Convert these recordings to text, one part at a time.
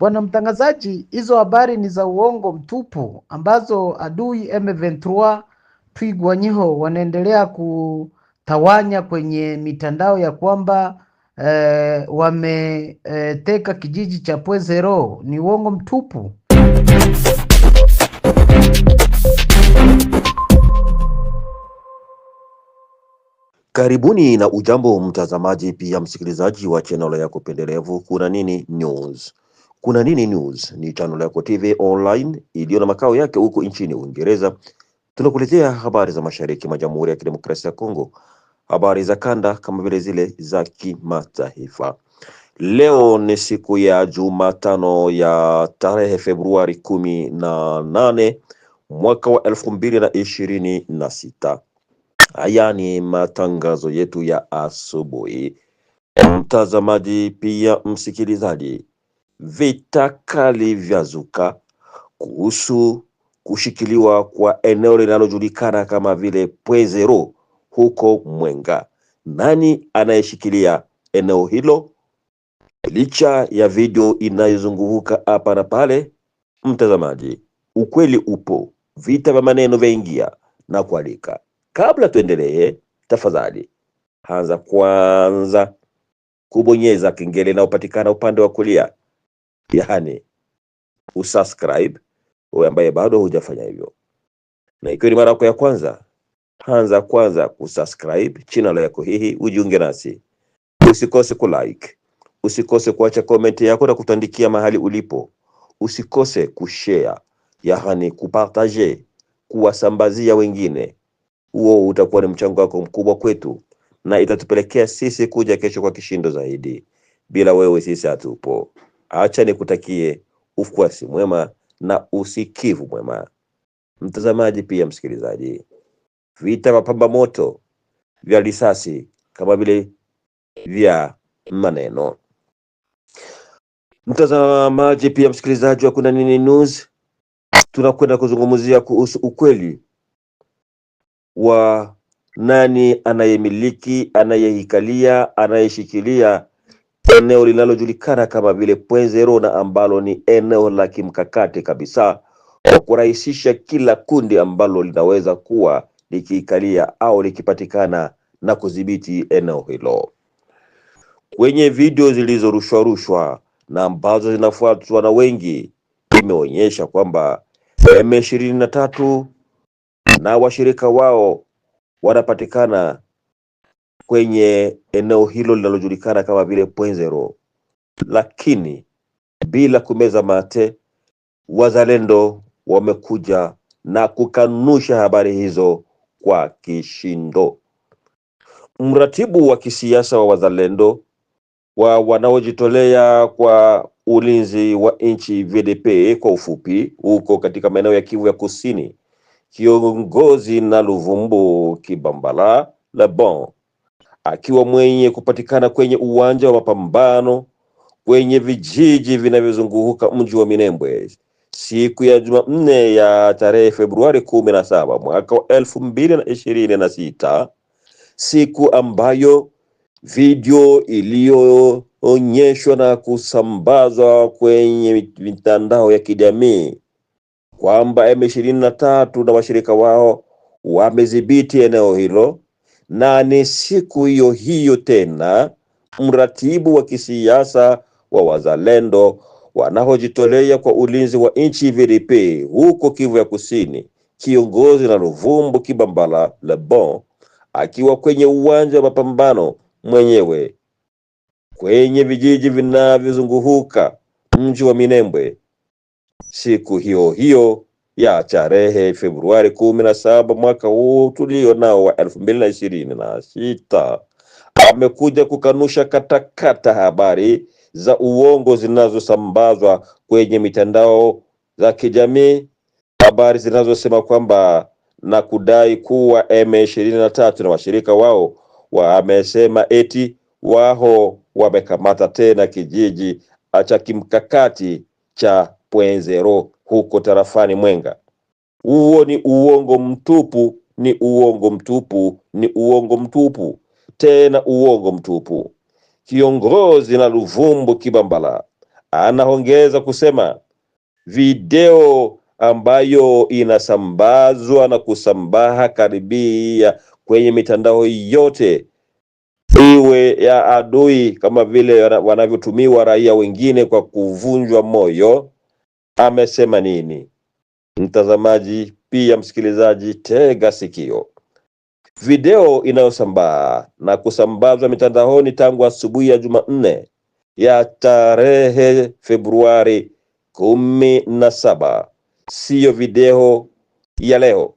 Bwana mtangazaji, hizo habari ni za uongo mtupu ambazo adui M23 Twigwanyiho wanaendelea kutawanya kwenye mitandao ya kwamba e, wameteka e, kijiji cha Pwezero ni uongo mtupu. Karibuni na ujambo mtazamaji, pia msikilizaji wa channel yako pendelevu Kuna Nini News. Kuna Nini News ni channel yako TV online iliyo na makao yake huko nchini Uingereza. Tunakuletea habari za mashariki mwa Jamhuri ya Kidemokrasia ya Kongo, habari za kanda kama vile zile za kimataifa. Leo ni siku ya Jumatano ya tarehe Februari kumi na nane mwaka wa elfu mbili na ishirini na sita. Haya ni matangazo yetu ya asubuhi, mtazamaji pia msikilizaji zuka kuhusu kushikiliwa kwa eneo linalojulikana kama vile Pwezero huko Mwenga. Nani anayeshikilia eneo hilo? Licha ya video inayozunguka hapa na pale, mtazamaji, ukweli upo, vita vya maneno vyaingia na kualika. Kabla tuendelee, tafadhali anza kwanza kubonyeza kengele inayopatikana upande wa kulia yani usubscribe wewe ambaye bado hujafanya hivyo, na ikiwa ni mara yako ya kwanza, anza kwanza kusubscribe channel yako hii, ujiunge nasi. Usikose kulike, usikose kuacha komenti yako na kutandikia mahali ulipo, usikose kushare, yani kupartage, kuwasambazia wengine. Huo utakuwa ni mchango wako mkubwa kwetu na itatupelekea sisi kuja kesho kwa kishindo zaidi. Bila wewe sisi hatupo. Acha nikutakie ufuasi mwema na usikivu mwema, mtazamaji pia msikilizaji. Vita mapamba moto vya risasi kama vile vya maneno. Mtazamaji pia msikilizaji wa Kuna Nini News, tunakwenda kuzungumzia kuhusu ukweli wa nani anayemiliki, anayehikalia, anayeshikilia eneo linalojulikana kama vile Pwenzero na ambalo ni eneo la kimkakati kabisa kwa kurahisisha kila kundi ambalo linaweza kuwa likiikalia au likipatikana na kudhibiti eneo hilo. Kwenye video zilizorushwa rushwa na ambazo zinafuatwa na wengi, imeonyesha kwamba M 23 na washirika wao wanapatikana kwenye eneo hilo linalojulikana kama vile Pwenzero, lakini bila kumeza mate, wazalendo wamekuja na kukanusha habari hizo kwa kishindo. Mratibu wa kisiasa wa wazalendo wa wanaojitolea kwa ulinzi wa nchi VDP kwa ufupi, huko katika maeneo ya Kivu ya Kusini, kiongozi na Luvumbu Kibambala Lebon akiwa mwenye kupatikana kwenye uwanja wa mapambano kwenye vijiji vinavyozunguka mji wa Minembwe siku ya Jumanne ya tarehe Februari kumi na saba mwaka wa elfu mbili na ishirini na sita siku ambayo video iliyoonyeshwa na kusambazwa kwenye mitandao ya kijamii kwamba M ishirini na tatu na washirika wao wamedhibiti eneo hilo na ni siku hiyo hiyo tena mratibu wa kisiasa wa wazalendo wanaojitolea kwa ulinzi wa nchi VRP huko Kivu ya Kusini, kiongozi na ruvumbu Kibambala Lebon akiwa kwenye uwanja wa mapambano mwenyewe kwenye vijiji vinavyozunguhuka mji wa Minembwe siku hiyo hiyo ya tarehe Februari kumi na saba mwaka huu tulio nao wa elfu mbili na ishirini na sita amekuja kukanusha katakata habari za uongo zinazosambazwa kwenye mitandao za kijamii, habari zinazosema kwamba na kudai kuwa M23 na washirika wao wamesema eti wao wamekamata tena kijiji cha kimkakati cha Pwenzero huko tarafani Mwenga. Huo ni uongo mtupu, ni uongo mtupu, ni uongo mtupu, tena uongo mtupu. Kiongozi na Luvumbu Kibambala anaongeza kusema video ambayo inasambazwa na kusambaha karibia kwenye mitandao yote iwe ya adui, kama vile wanavyotumiwa raia wengine kwa kuvunjwa moyo, amesema nini? Mtazamaji pia msikilizaji, tega sikio. Video inayosambaa na kusambazwa mitandaoni tangu asubuhi ya Jumanne ya tarehe Februari kumi na saba siyo video ya leo,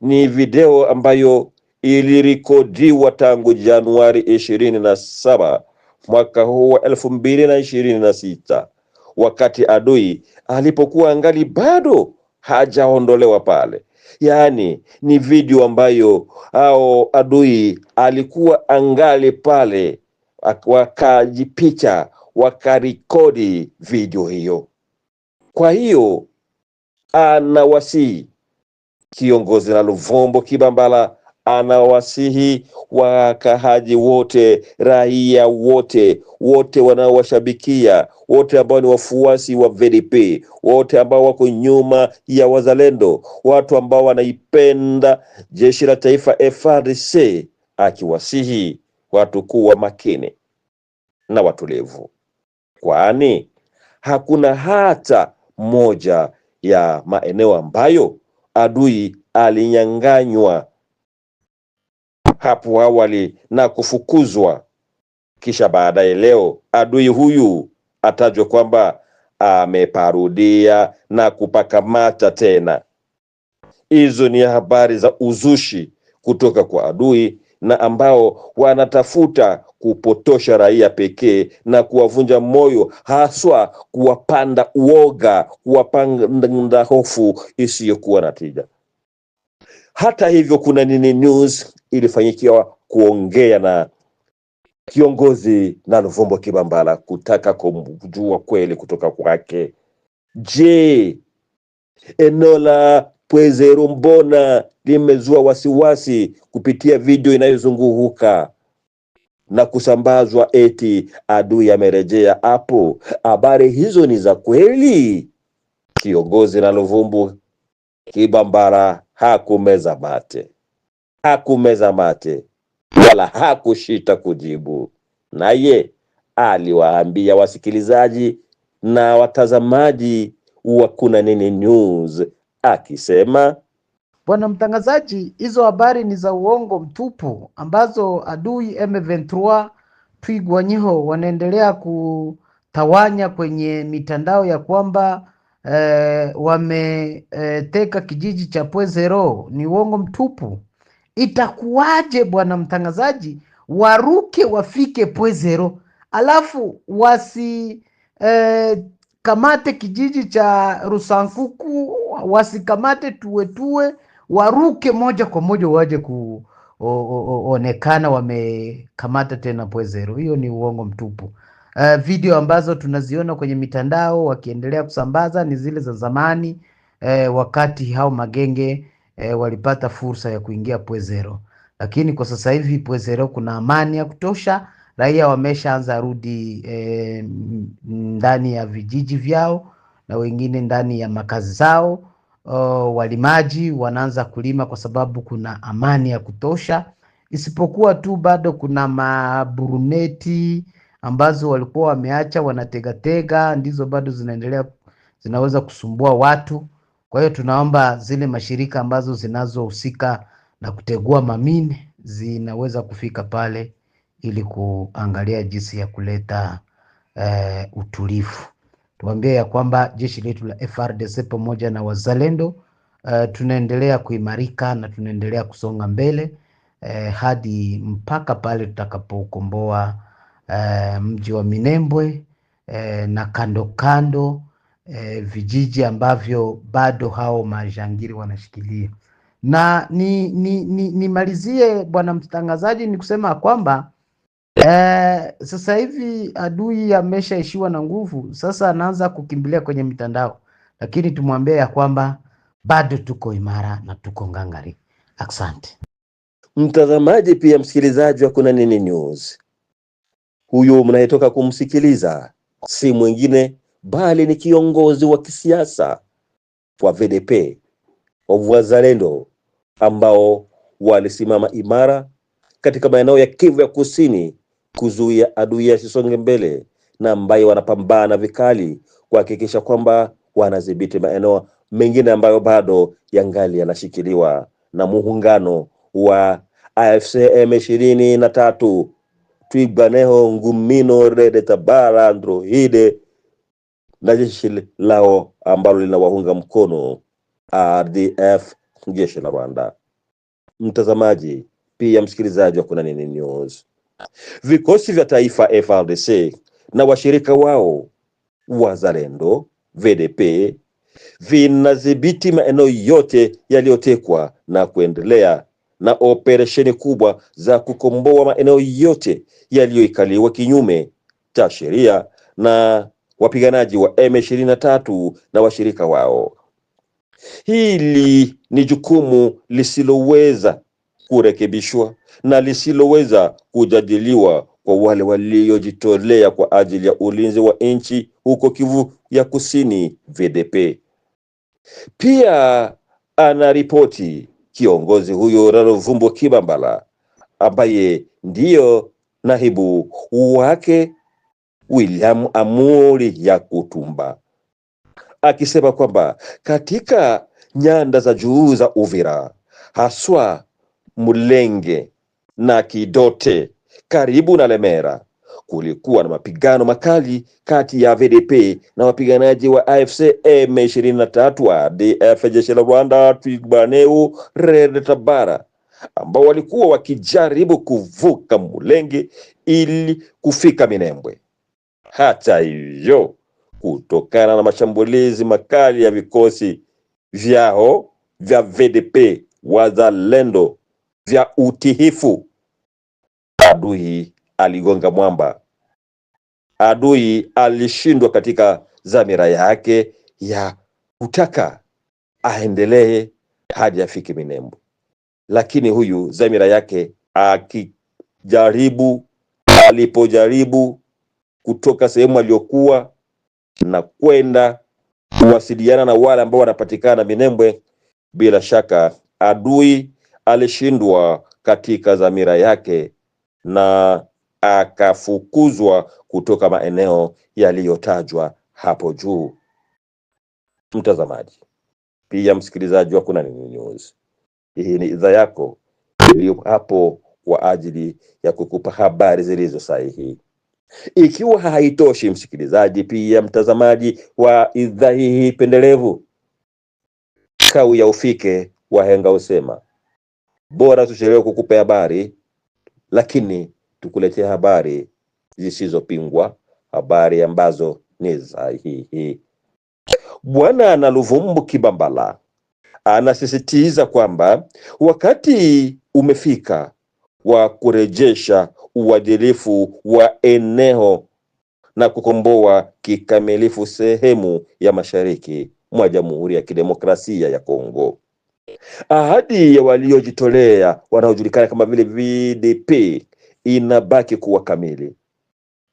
ni video ambayo ilirikodiwa tangu Januari ishirini na saba mwaka huu wa elfu mbili na ishirini na sita wakati adui alipokuwa angali bado hajaondolewa pale. Yaani ni video ambayo ao adui alikuwa angali pale, wakajipicha wakarikodi video hiyo. Kwa hiyo anawasii kiongozi na Luvombo Kibambala anawasihi wakahaji wote, raia wote, wote wanaowashabikia, wote ambao ni wafuasi wa VDP, wote ambao wako nyuma ya wazalendo, watu ambao wanaipenda jeshi la taifa FARDC, akiwasihi watu kuwa makini na watulivu, kwani hakuna hata moja ya maeneo ambayo adui alinyang'anywa hapo awali na kufukuzwa, kisha baadaye leo adui huyu atajwa kwamba ameparudia na kupaka macha tena. Hizo ni habari za uzushi kutoka kwa adui na ambao wanatafuta kupotosha raia pekee na kuwavunja moyo, haswa kuwapanda uoga, kuwapanda hofu isiyokuwa na tija. Hata hivyo, Kuna Nini News ilifanyikiwa kuongea na kiongozi na Luvumbo Kibambala kutaka kumjua kweli kutoka kwake. Je, eneo la Pwezero mbona limezua wasiwasi kupitia video inayozunguka na kusambazwa eti adui amerejea hapo? Habari hizo ni za kweli? Kiongozi na Luvumbo Kibambala hakumeza mate, hakumeza mate wala hakushita kujibu. Naye aliwaambia wasikilizaji na watazamaji wa Kuna Nini News akisema, bwana mtangazaji, hizo habari ni za uongo mtupu ambazo adui M23 twigwanyiho wanaendelea kutawanya kwenye mitandao ya kwamba eh, wameteka eh, kijiji cha Pwezero ni uongo mtupu. Itakuwaje bwana mtangazaji, waruke wafike Pwezero alafu wasikamate eh, kamate kijiji cha Rusankuku, wasikamate tuwe tuwe, waruke moja kwa moja waje kuonekana wamekamata tena Pwezero. Hiyo ni uongo mtupu uh, video ambazo tunaziona kwenye mitandao wakiendelea kusambaza ni zile za zamani eh, wakati hao magenge eh, walipata fursa ya kuingia Pwezero, lakini kwa sasa hivi Pwezero kuna amani ya kutosha, raia wameshaanza rudi eh, ndani ya vijiji vyao na wengine ndani ya makazi zao. Uh, walimaji wanaanza kulima kwa sababu kuna amani ya kutosha, isipokuwa tu bado kuna maburuneti ambazo walikuwa wameacha wanategatega ndizo bado zinaendelea zinaweza kusumbua watu. Kwa hiyo tunaomba zile mashirika ambazo zinazohusika na kutegua mamini zinaweza kufika pale ili kuangalia jinsi ya kuleta eh, utulivu. Tuambie ya kwamba jeshi letu la FRDC pamoja na wazalendo eh, tunaendelea kuimarika na tunaendelea kusonga mbele eh, hadi mpaka pale tutakapokomboa Eh, mji wa Minembwe eh, na kando kando eh, vijiji ambavyo bado hao majangiri wanashikilia. Na nimalizie ni, ni, ni bwana mtangazaji, ni kusema kwamba eh, sasa hivi adui ameshaishiwa na nguvu, sasa anaanza kukimbilia kwenye mitandao, lakini tumwambie ya kwamba bado tuko imara na tuko ngangari. Asante mtazamaji, pia msikilizaji wa Kuna Nini News. Huyu mnayetoka kumsikiliza si mwingine bali ni kiongozi wa kisiasa wa VDP wa wazalendo ambao walisimama imara katika maeneo ya Kivu ya Kusini kuzuia adui asisonge mbele na ambaye wanapambana vikali kuhakikisha kwamba wanadhibiti maeneo mengine ambayo bado yangali yanashikiliwa na muungano wa AFC M ishirini fibaneho ngumino rede tabara androhide na jeshi lao ambalo linawaunga mkono RDF, jeshi la Rwanda. Mtazamaji pia msikilizaji wa Kuna Nini News, vikosi vya taifa frdc na washirika wao wazalendo VDP vinadhibiti maeneo yote yaliyotekwa na kuendelea na operesheni kubwa za kukomboa maeneo yote yaliyoikaliwa kinyume cha sheria na wapiganaji wa M23 na washirika wao. Hili ni jukumu lisiloweza kurekebishwa na lisiloweza kujadiliwa kwa wale waliojitolea kwa ajili ya ulinzi wa nchi huko Kivu ya Kusini, VDP. Pia anaripoti kiongozi huyo Rarovumbo Kibambala ambaye ndiyo naibu wake William Amuri ya kutumba akisema kwamba katika nyanda za juu za Uvira haswa Mulenge na Kidote karibu na Lemera kulikuwa na mapigano makali kati ya VDP na wapiganaji wa AFC M23 DF, jeshi la Rwanda, Twirwaneho, Red Tabara ambao walikuwa wakijaribu kuvuka Mulenge ili kufika Minembwe. Hata hivyo, kutokana na mashambulizi makali ya vikosi vyao vya VDP wazalendo vya utihifu, adui aligonga mwamba. Adui alishindwa katika dhamira yake ya kutaka aendelee hadi afike Minembwe, lakini huyu dhamira yake akijaribu, alipojaribu kutoka sehemu aliyokuwa na kwenda kuwasiliana na wale ambao wanapatikana Minembwe, bila shaka adui alishindwa katika dhamira yake na akafukuzwa kutoka maeneo yaliyotajwa hapo juu. Mtazamaji pia msikilizaji wa Kuna Nini News, hii ni idhaa yako iliyo hapo kwa ajili ya kukupa habari zilizo sahihi. Ikiwa haitoshi, msikilizaji pia mtazamaji wa idhaa hii pendelevu, kau ya ufike wahenga usema bora tuchelewe kukupa habari, lakini tukuletea habari zisizopingwa, habari ambazo ni sahihi. Bwana na luvumbu Kibambala anasisitiza kwamba wakati umefika wa kurejesha uadilifu wa eneo na kukomboa kikamilifu sehemu ya mashariki mwa Jamhuri ya Kidemokrasia ya Kongo. Ahadi ya waliojitolea wanaojulikana kama vile VDP inabaki kuwa kamili,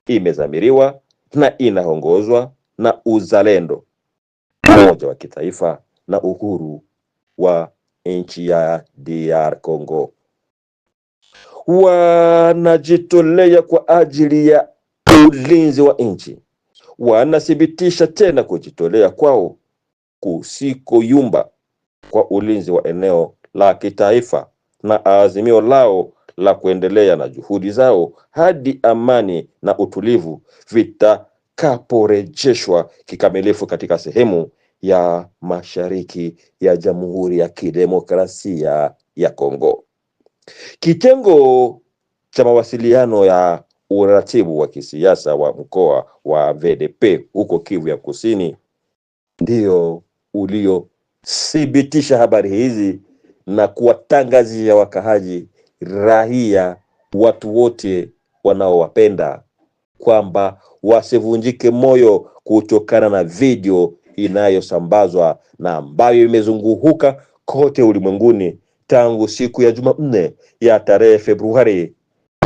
imezamiriwa na inaongozwa na uzalendo, umoja wa kitaifa na uhuru wa nchi ya DR Congo. Wanajitolea kwa ajili ya ulinzi wa nchi, wanathibitisha tena kujitolea kwao kusiko yumba kwa ulinzi wa eneo la kitaifa na azimio lao la kuendelea na juhudi zao hadi amani na utulivu vitakaporejeshwa kikamilifu katika sehemu ya mashariki ya Jamhuri ya Kidemokrasia ya Kongo. Kitengo cha mawasiliano ya uratibu wa kisiasa wa mkoa wa VDP huko Kivu ya Kusini ndio uliothibitisha habari hizi na kuwatangazia wakahaji rahia watu wote wanaowapenda kwamba wasivunjike moyo kutokana na video inayosambazwa na ambayo imezunguhuka kote ulimwenguni tangu siku ya Jumanne ya tarehe Februari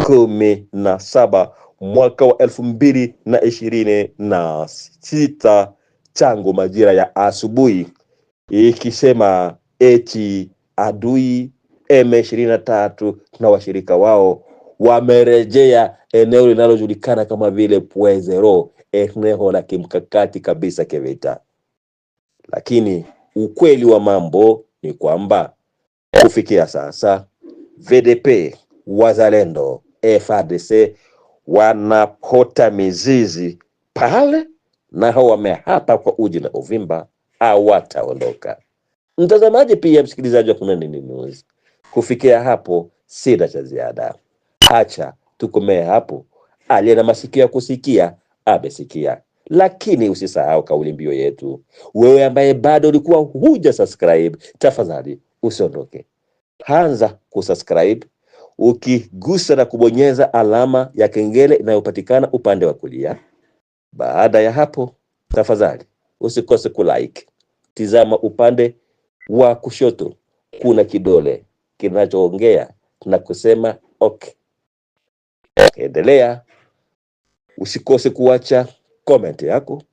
kumi na saba mwaka wa elfu mbili na ishirini na sita tangu majira ya asubuhi ikisema eti adui M23 na washirika wao wamerejea eneo linalojulikana kama vile Pwezero, eneo la kimkakati kabisa kivita. Lakini ukweli wa mambo ni kwamba kufikia sasa VDP, Wazalendo, FARDC wanapota mizizi pale na hao wamehapa kwa uji na uvimba, hawataondoka. Mtazamaji pia msikilizaji wa Kuna Nini News, Kufikia hapo, sina cha ziada, hacha tukomee hapo. Aliye na masikio ya kusikia amesikia, lakini usisahau kauli mbio yetu. Wewe ambaye bado ulikuwa huja subscribe, tafadhali usiondoke, anza kusubscribe ukigusa na kubonyeza alama ya kengele inayopatikana upande wa kulia. Baada ya hapo, tafadhali usikose kulike. Tizama upande wa kushoto, kuna kidole kinachoongea na kusema okay. Endelea, usikose kuacha comment yako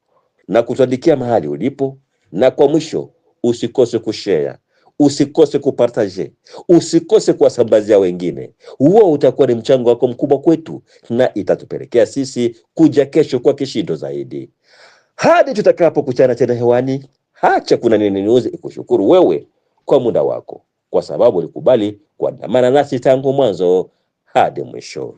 na kutuandikia mahali ulipo, na kwa mwisho usikose kushare, usikose kupartage, usikose kuwasambazia wengine. Huo utakuwa ni mchango wako mkubwa kwetu na itatupelekea sisi kuja kesho kwa kishindo zaidi. Hadi tutakapo kuchana tena hewani, hacha Kuna Nini News ikushukuru wewe kwa muda wako kwa sababu ulikubali kuandamana nasi tangu mwanzo hadi mwisho.